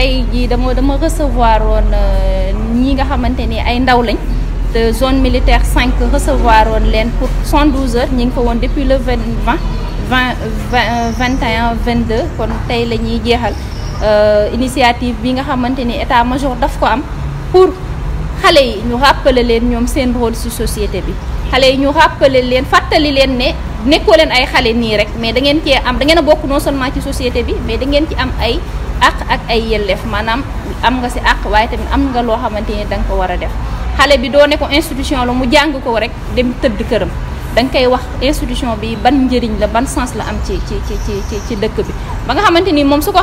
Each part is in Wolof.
tey jii dama dama recevoir woon euh, ñi nga xamante ni ay ndaw lañ te zone militaire 5 recevoir woon leen pour 112 heures ñi ngi fa woon depuis le 20 20 21 22 kon tey la ñuy jeexal euh, initiative bi nga xamante ni état major daf ko am pour xale yi ñu rappeler leen ñoom seen rôle ci société bi xale yi ñu rappeler leen fàttali leen ne nekkoo leen ay xale nii rek mais da ngeen cee am da ngeen a bokk non seulement ci société bi mais da ngeen ci am ay ak ak ay yelef manam am nga si ak waye tamit am nga lo xamanteni dang ko wara def xale bi do ne ko institution lu mu jang ko rek dem teud keureum dang kay wax institution bi ban njeriñ la ban sens la am ci ci ci ci ci ci dëkk bi ba nga xamanteni mom moom su ko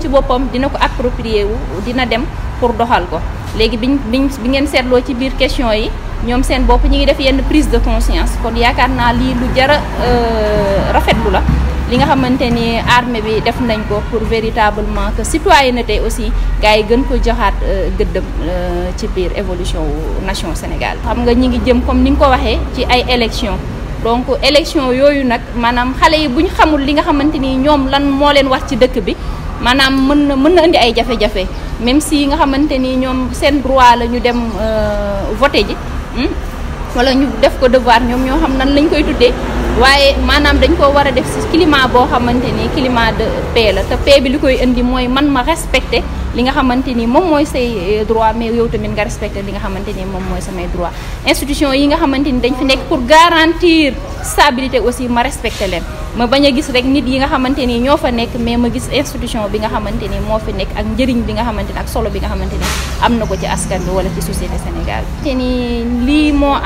ci boppam dina ko approprier wu dina dem pour doxal ko legui biñ biñ bi ngeen setlo ci bir question yi ñom seen bop ñi ngi def yenn prise de conscience kon yaakar na li lu jara lu la li nga xamante ni armee bi def nañ ko pour véritablement que tey aussi gars yi gën ko joxaat euh, gëddëm euh, ci biir évolution wu nation Sénégal. xam nga ñi ngi jëm comme ni nga ko waxee ci ay élections donc élection yooyu nag maanaam xale yi bu ñu xamul li nga xamante ni ñoom lan moo leen wax ci dëkk bi. maanaam mën na mën na indi ay jafe-jafe même si nga xamante ni ñoom seen droit la ñu dem euh, voter ji hmm, walla ñu def ko devoir ñoom ñoo xam nan lañ koy tuddee waaye maanaam dañ koo war a def ci climat boo xamante ni climat de paix la te paix bi li koy indi mooy man ma respecté li nga xamante ni moom mooy say euh, droit mais yow tamit nga respecté li nga xamante ni moom mooy samay droit institution yi nga xamante ni dañ fi nekk pour garantir stabilité aussi ma respecté leen ma bañ a gis rek nit yi nga xamante ni ñoo fa nekk mais ma gis institution bi nga xamante ni moo fi nekk ak njëriñ bi nga xamante ni ak solo bi nga xamante ni am na ko ci askan bi wala ci société Sénégal te ni lii moo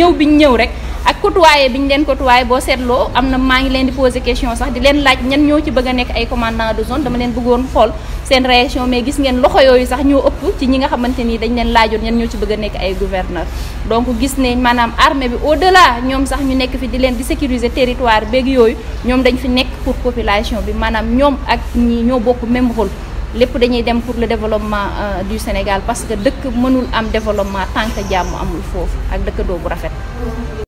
ñëw rek ak côtoyé bi ñu leen côtoyé boo seetloo am na maa ngi leen di posé question sax di leen laaj ñan ñoo ci bëgg a nekk ay commandant de zone dama leen bëggoon xool seen réaction mais gis ngeen loxo yooyu sax ñoo ëpp ci ñi nga xamante ni dañ leen laajoon ñan ñoo ci bëgg a nekk ay gouverneur donc gis ne maanaam armée bi au delà ñoom sax ñu nekk fi di leen di sécuriser territoire beeg yooyu ñoom dañ fi nekk pour population bi maanaam ñoom ak ñi ñoo bokk même rôle lépp dañuy dem pour le développement euh, du Sénégal parce que dëkk mënul am développement tant que jàmm amul foofu ak dëkk doo rafet